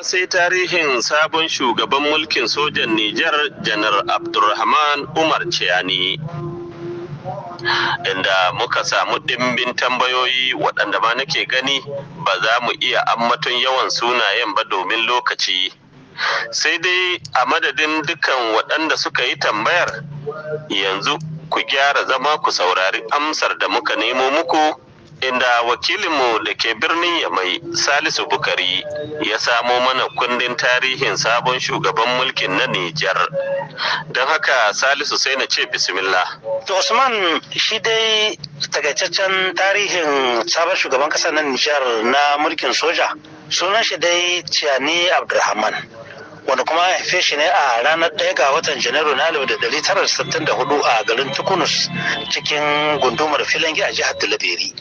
sai tarihin sabon shugaban mulkin sojan Nijar janar Abdulrahman Umar Ciyani. Inda muka samu dimbin tambayoyi waɗanda ma nake gani ba za mu iya ammatun yawan sunayen ba domin lokaci. Sai dai a madadin dukan waɗanda suka yi tambayar yanzu ku gyara zama ku saurari amsar da muka nemo muku. inda wakilinmu da ke birnin yamai salisu bukari ya samo mana kundin tarihin sabon shugaban mulkin na nijar don haka salisu sai na ce bismillah to usman shi dai tagaitaccen tarihin sabon shugaban kasar na nijar na mulkin soja sunan shi dai ciyani abdulrahman wanda kuma haife shi ne a ranar ɗaya ga watan janairu na da ɗari a garin tukunus cikin gundumar filangi a jihar talabiri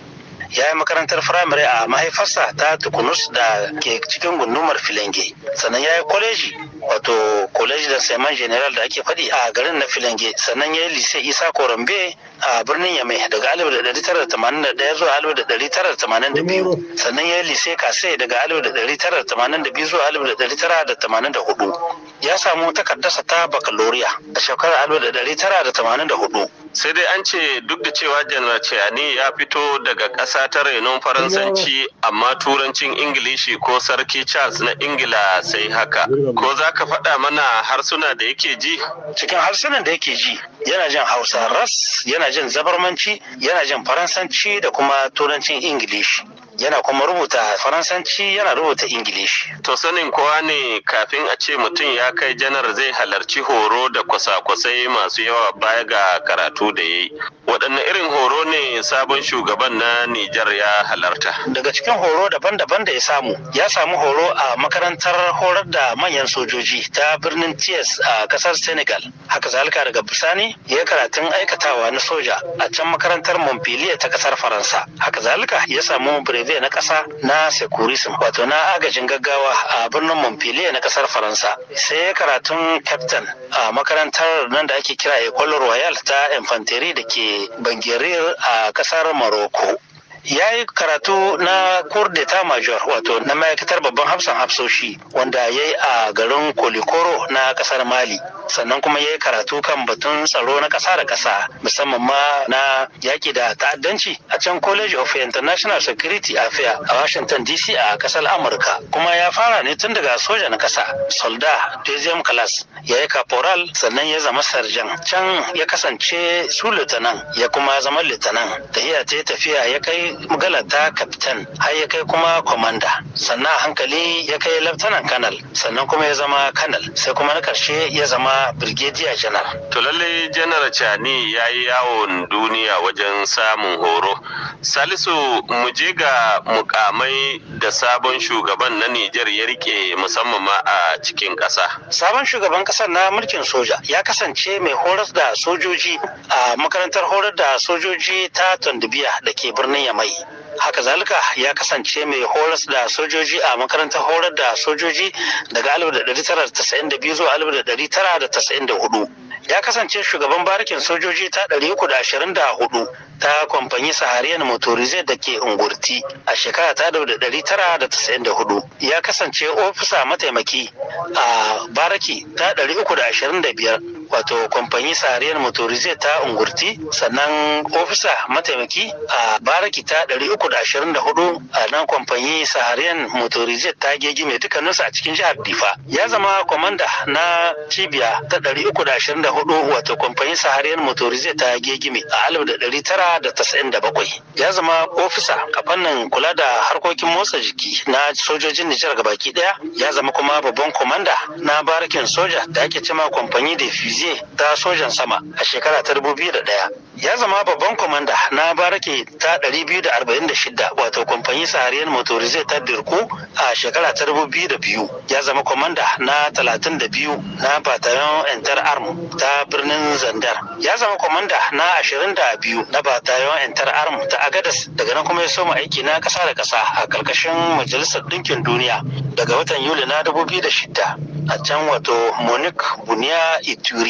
ya yi makarantar firamare a mahaifarsa ta tukunus da ke cikin gundumar filange sannan ya yi kwaleji wato kwaleji da saiman general da ake faɗi a garin na filange sannan ya yi lise isa korambe a birnin yame daga 1981 zuwa 1982 sannan ya yi lise kase daga 1982 zuwa 1984 ya samu takardarsa ta bakaloriya a shekarar 1984 sai dai an ce duk da cewa janar ciyani ya fito daga ƙasa ta renon faransanci amma turancin ingilishi ko sarki charles na ingila sai haka ko za ka faɗa mana harsuna da yake ji cikin harsunan da yake ji yana jin hausa ras yana jin zabarmanci yana jin faransanci da kuma turancin ingilishi yana kuma rubuta faransanci yana rubuta ingilishi to sanin kowa ne kafin a ce mutum ya kai janar zai halarci horo da kwasa-kwasai masu yawa baya ga karatu da ya yi waɗanne irin horo ne sabon shugaban na nijar ya halarta daga cikin horo daban-daban da ya samu ya samu horo a makarantar horar da manyan sojoji ta birnin ties a ƙasar senegal haka zalika daga bisani ya karatun aikatawa na soja a can makarantar montpellier ta ƙasar faransa haka zalika ya samu zai na ƙasa na securism wato na agajin gaggawa a birnin Montpellier na ƙasar Faransa. Sai ya karatun captain a makarantar nan da ake kira Ecole Royale ta Infantry da ke Bangerir a ƙasar Morocco. ya yi karatu na cour d'etat major wato na ma'aikatar babban hafsan hafsoshi wanda ya yi a garin kolikoro na kasar mali sannan kuma ya yi karatu kan batun tsaro na ƙasa da ƙasa musamman ma na yaƙi da ta'addanci a can College of International Security affair a Washington DC a ƙasar Amurka kuma ya fara ne tun daga soja na ƙasa solda Dezem class ya yi caporal sannan ya zama sarjan can ya kasance su litanan ya kuma zama litanan iya ta tafiya ya kai galata kaftan har ya kai kuma kwamanda sannan hankali ya kai laftanan kanal sannan kuma ya zama kanal sai kuma na ƙarshe ya zama Brigadier General. To lalle General Chani ya yi yawon duniya wajen samun horo. Salisu mu je ga mukamai da sabon shugaban na Nijar ya rike musamman ma a cikin ƙasa. Sabon shugaban ƙasar na mulkin soja ya kasance mai horar da sojoji a makarantar horar da sojoji ta Tondubiya da ke birnin Yamai. haka zalika ya kasance mai horas da sojoji a makarantar horar da sojoji daga 1992 zuwa 1994 ya kasance shugaban barikin sojoji ta 324 ta kwamfani sahariyan motorizai da ke ungurti a shekara ta 1994 ya kasance ofisa mataimaki a baraki ta 325 wato kwamfani tsariyar motorize ta ungurti sannan ofisa mataimaki a baraki ta 324 a nan kwamfani sahariyan motorize ta gegi mai dukkaninsu a cikin jihar difa ya zama kwamanda na cibiya ta 324 wato kwamfani sahariyan motorize ta gegime a 1997 ya zama ofisa a fannin kula da harkokin motsa jiki na sojojin nijar gabaki daya ya zama kuma babban kwamanda na barakin soja da ake cima kwamfani da fi. dj ta sojan sama a shekara ta 2001 ya zama babban kwamanda na barake ta 246 wato kwamfani sahariyan motorize ta dirko a shekara ta 2002 ya zama kwamanda na 32 na batayon entar arm ta birnin zandar ya zama kwamanda na 22 na batayon entar arm ta agadas daga nan kuma ya soma aiki na kasa da kasa a karkashin majalisar ɗinkin duniya daga watan yuli na 2006 a can wato monique buniya ituri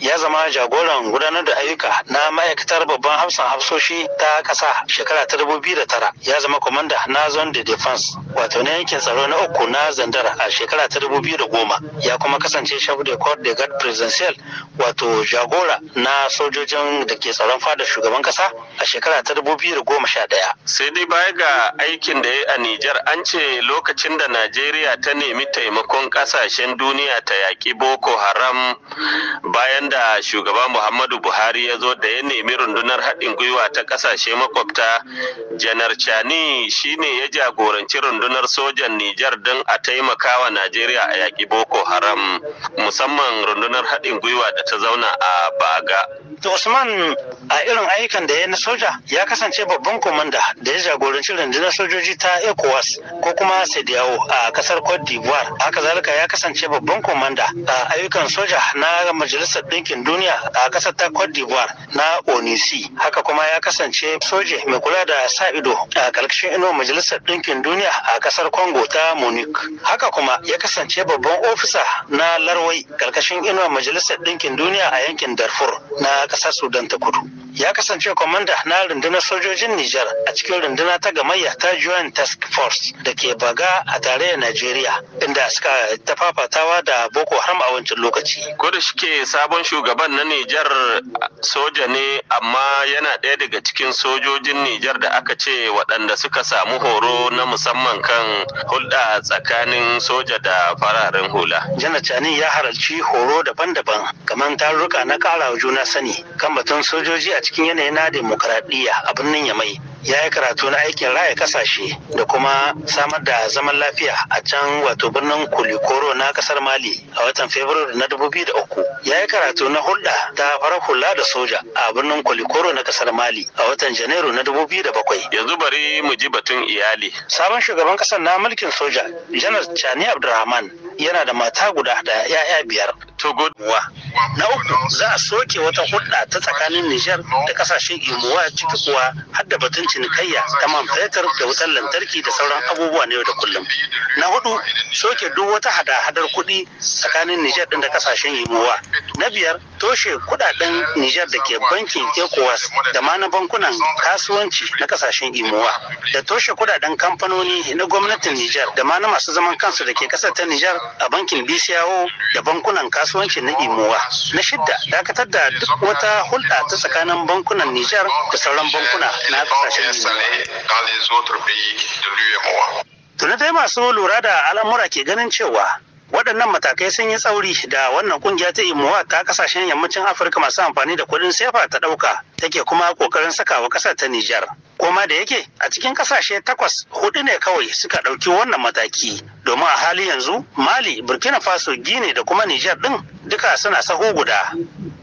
ya zama jagoran gudanar da ayyuka na ma'aikatar babban hafsan hafsoshi ta ƙasa shekara ta tara, ya zama kwamanda na zone de defense wato na yankin tsaro na uku na zandara a shekara ta dubu biyu da goma ya kuma kasance shafi da kwar de gad presidential wato jagora na sojojin da ke tsaron fadar shugaban kasa a shekara ta dubu biyu da goma sha ɗaya. sai dai baya ga aikin da ya a Nijar an ce lokacin da Najeriya ta nemi taimakon kasashen duniya ta yaƙi Boko Haram bayan da shugaba Muhammadu Buhari ya zo da ya nemi rundunar haɗin gwiwa ta kasashe makwabta janar Chani shine ya jagoranci rundunar rundunar sojan Nijar don a taimaka wa Najeriya a yaƙi Boko Haram musamman rundunar haɗin gwiwa da ta zauna a Baga. To Usman a irin ayyukan da ya na soja ya kasance babban komanda da ya jagoranci rundunar sojoji ta ECOWAS ko kuma Sediyawo a kasar Cote d'Ivoire. Haka zalika ya kasance babban komanda a ayyukan soja na Majalisar Ɗinkin Duniya a kasar ta Cote d'Ivoire na Onisi. E Haka kuma ya kasance soja mai kula da sa ido a ƙarƙashin inuwar Majalisar Ɗinkin Duniya a a kasar Congo ta Munich. Haka kuma ya kasance babban ofisa na Larwai karkashin inuwar Majalisar Ɗinkin Duniya a yankin Darfur na kasar Sudan ta Kudu. ya kasance kwamanda na rundunar sojojin Nijar a cikin runduna ta gamayya ta Joint Task Force da ke baga a tarayyar Najeriya inda suka ta fafatawa da Boko Haram a wancan lokaci. Kudu shike sabon shugaban na Nijar soja ne amma yana ɗaya daga cikin sojojin Nijar da aka ce waɗanda suka samu horo na musamman kan hulɗa tsakanin soja da fararen hula. Janar Chani ya halarci horo daban-daban kamar tarurruka na ƙara juna sani kan batun sojoji a cikin yanayi na demokradiyya a birnin Yamai ya yi karatu na aikin raya kasashe da kuma samar da zaman lafiya a can wato birnin kulikoro na kasar mali a watan Februari na 2003 ya yi karatu na hulɗa ta farar hula da soja a birnin kulikoro na kasar mali a watan janairu na 2007 yanzu bari mu ji batun iyali sabon shugaban kasar na mulkin soja janar chani abdurrahman yana da mata guda da 'ya'ya biyar togo na uku za a soke wata hulɗa ta tsakanin nijar da kasashen imuwa ciki kuwa har da batun cinikayya ta man fetur da wutar lantarki da sauran abubuwa na yau da kullum na hudu soke duk wata hada-hadar kuɗi tsakanin nijar ɗin da kasashen yiwuwa na biyar toshe kudaden nijar da ke bankin ecowas da ma na bankunan kasuwanci na kasashen imuwa da toshe kudaden kamfanoni na gwamnatin nijar da ma na masu zaman kansu da ke kasar ta nijar a bankin bcao da bankunan kasuwanci na imowa na shidda dakatar da duk wata hulɗa ta tsakanin bankunan nijar da sauran bankuna na kasashen pièces dans les autres pays de l'UMOA. Tuna dai masu lura da al'amura ke ganin cewa waɗannan matakai sun yi tsauri da wannan kungiya ta imowa ta kasashen yammacin afirka masu amfani da kuɗin sefa ta ɗauka take kuma ƙoƙarin sakawa ƙasar ta nijar koma da yake a cikin ƙasashe takwas hudu ne kawai suka ɗauki wannan mataki domin a hali yanzu mali burkina faso Guinea, da kuma nijar ɗin duka suna saho guda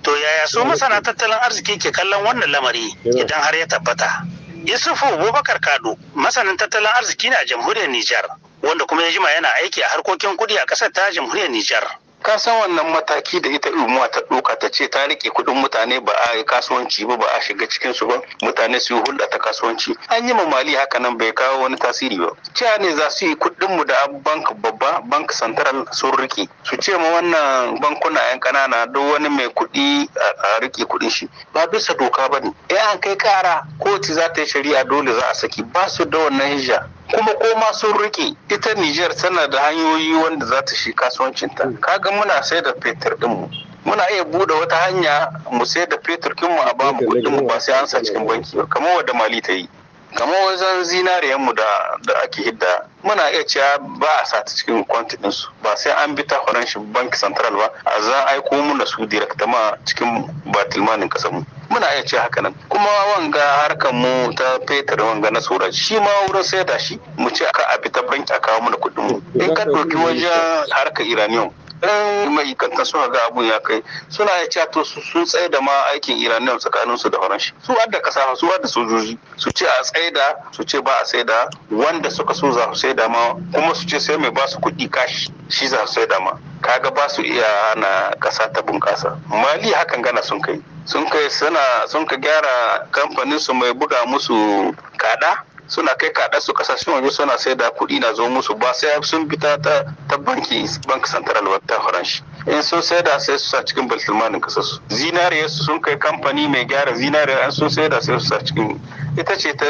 to yaya su masana tattalin arziki ke kallon wannan lamari idan har ya tabbata Yusufu Abubakar Kado masanin tattalin arziki na a jamhuriyar Nijar wanda kuma ya jima yana aiki a harkokin kuɗi a ƙasar ta jamhuriyar Nijar. ka san wannan mataki da ita umuwa ta ɗauka ta ce ta rike kuɗin mutane ba a yi kasuwanci ba ba a shiga cikin su ba mutane su yi hulɗa ta kasuwanci an yi mamali haka nan bai kawo wani tasiri ba cewa ne za su yi kuɗin mu da bank babba bank central sun rike su ce ma wannan bankuna yan ƙanana duk wani mai kuɗi a rike kuɗin shi ba bisa doka ba ne in an kai kara. kotu za ta yi shari'a dole za a saki ba su da wannan hijja kuma koma sun rike ita Nijar tana da hanyoyi wanda za ta shi kasuwancinta mm. kaga muna sai da fetur dinmu muna iya buɗe wata hanya mu sai da fetur kinmu a bamu kuɗin mu ba sai an sa cikin banki ba kamar wadda mali ta yi kamar wajen zinariyan mu da da ake hidda muna iya cewa ba a sa ta cikin kwanti din su ba sai an bi ta horon shi banki central ba a za aiko mu da su direct ma cikin batilmanin kasar muna iya ce haka nan kuma wanga harkar mu ta fetur wanga na sura shi ma wurin sayar da shi mu ce aka abi ta banki a kawo mana kuɗin mu in ka ɗauki wajen harkar iranium dan mai kanta ga abun ya kai suna ya cato su sun tsaye da ma aikin iraniyan tsakanin su da faransa su adda kasa su adda sojoji su ce a tsaye da su ce ba a tsaye da wanda suka so za su tsaye da ma kuma su ce sai mai ba su kuɗi kashi shi za su tsaye da ma kaga ba su iya hana kasa ta bunƙasa mali hakan gana sun kai sun kai suna sun ka gyara kamfanin su mai buga musu kada suna kai kaɗa su ƙasashen waje suna sai da kuɗi na zo musu ba sai sun fita ta, ta banki bank central ba ta faranshi in sun sai da sai su sa cikin baltilmanin kasarsu zinariya su sun kai kamfani mai gyara zinariya an sun sai da sai su sa cikin ita ce ta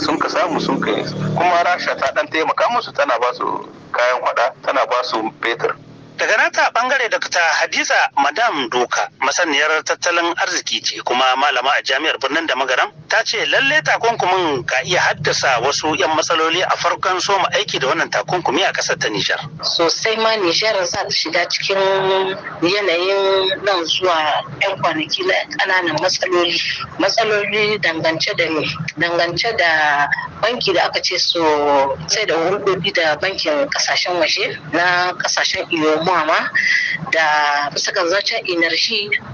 sun ka samu sun kai kuma rasha ta ɗan taimaka musu tana ba su kayan hada tana ba su fetur Daga nata bangare Dr. Hadiza Madam Doka masaniyar tattalin arziki ce kuma malama a jami'ar birnin da magaram ta ce lalle takunkumin ka iya haddasa wasu 'yan matsaloli a farkon soma aiki da wannan takunkumi a ƙasar ta Nijar. Sosai ma Nijar za ta shiga cikin yanayin nan zuwa 'yan kwanaki na ƙananan matsaloli. Matsaloli dangance da dangance da banki da aka ce so sai da da bankin ƙasashen waje na ƙasashen iyo girmamawa da suka zace inar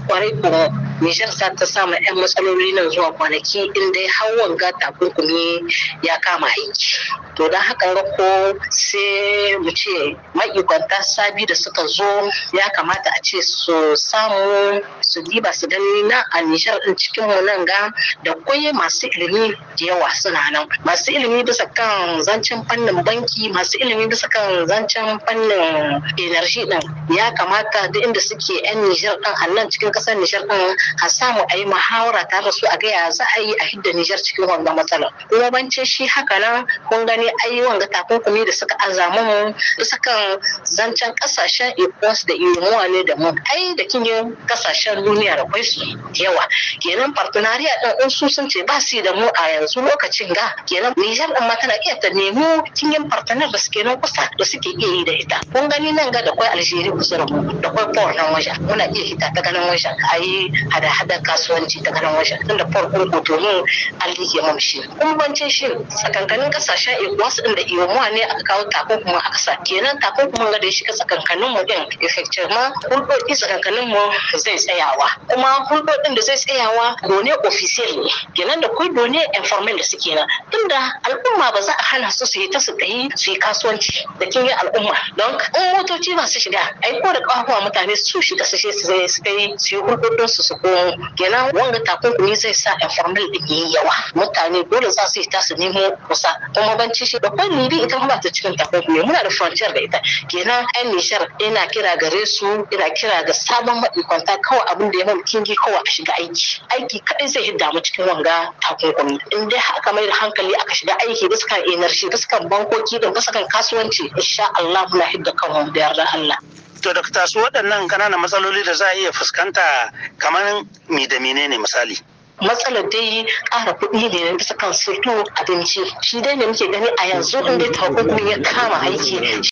kwarai kuma Nijar za ta samu 'yan matsaloli nan zuwa kwanaki in dai hawan ga takunkumi ya kama aiki. To don haka rako sai mu ce ma'aikata sabi da suka zo ya kamata a ce su samu su diba su gani na a Nijar din cikin mu nan ga da kwaye masu ilimi da yawa suna nan. Masu ilimi bisa kan zancen fannin banki masu ilimi bisa kan zancen fannin energy din ya kamata duk inda suke 'yan nishar din a nan cikin kasar nishar din a samu a yi muhawara tare da su a gaya za a yi a hidda Nijar cikin wannan matsalar. Kuma ce shi haka nan kun gani ayi wanga takunkumi da suka azamu mu bisa kan zancen kasashen Ecos da EMOA ne da mu. Ai da yi kasashen duniya da kwai su yawa. Kenan partenariya ɗin in su sun ce ba su da mu a yanzu lokacin ga kenan Nijar din ma tana iya ta nemo kin yi partenar da suke nan kusa da suke iya yi da ita. Kun gani nan ga da kwai Algeria kusa da mu da kwai Port nan wajen muna iya hita ta ganin wajen yi. da hada kasuwanci ta kanan wajen tun da farkon ko domin an lige mam shi kuma bancin shi tsakankanin kasashen su din da muwa ne aka kawo takunkuma a kasa kenan takunkuman ga da shi ka tsakankanin mu din effectivement hulɗoɗi tsakankanin mu zai tsayawa kuma hulɗoɗin da zai tsayawa done ofisiyal ne kenan da kai done informal da suke na, tunda al'umma ba za a hana su su yi ta su tsayi su yi kasuwanci da kin yi al'umma don in motoci masu shiga aiko da kafafuwa mutane su shiga su shi su zai su yi hulɗoɗin su su ko yayi kenan wanga takunkumi zai sa informal din yi yawa mutane dole za su yi ta su nemo kusa kuma ci shi babban bi ita ba ta cikin takunkumi muna da frontier da ita kenan yan nishar ina kira gare su ina kira ga sabon kwanta kawai abin da ya mamu kingi kawai a shiga aiki aiki kaɗai zai hidda mu cikin wanga takunkumi in dai haka mai da hankali aka shiga aiki bisa kan energy bisa kan bankoki da suka kan kasuwanci insha Allah muna hidda kanmu da yarda Allah to da su waɗannan ƙananan matsaloli da za a iya fuskanta kamar mi da menene misali matsalar dai ƙara kuɗi ne na bisa kan surtu abinci shi dai ne muke gani a yanzu in ta takunkumin ya kama aiki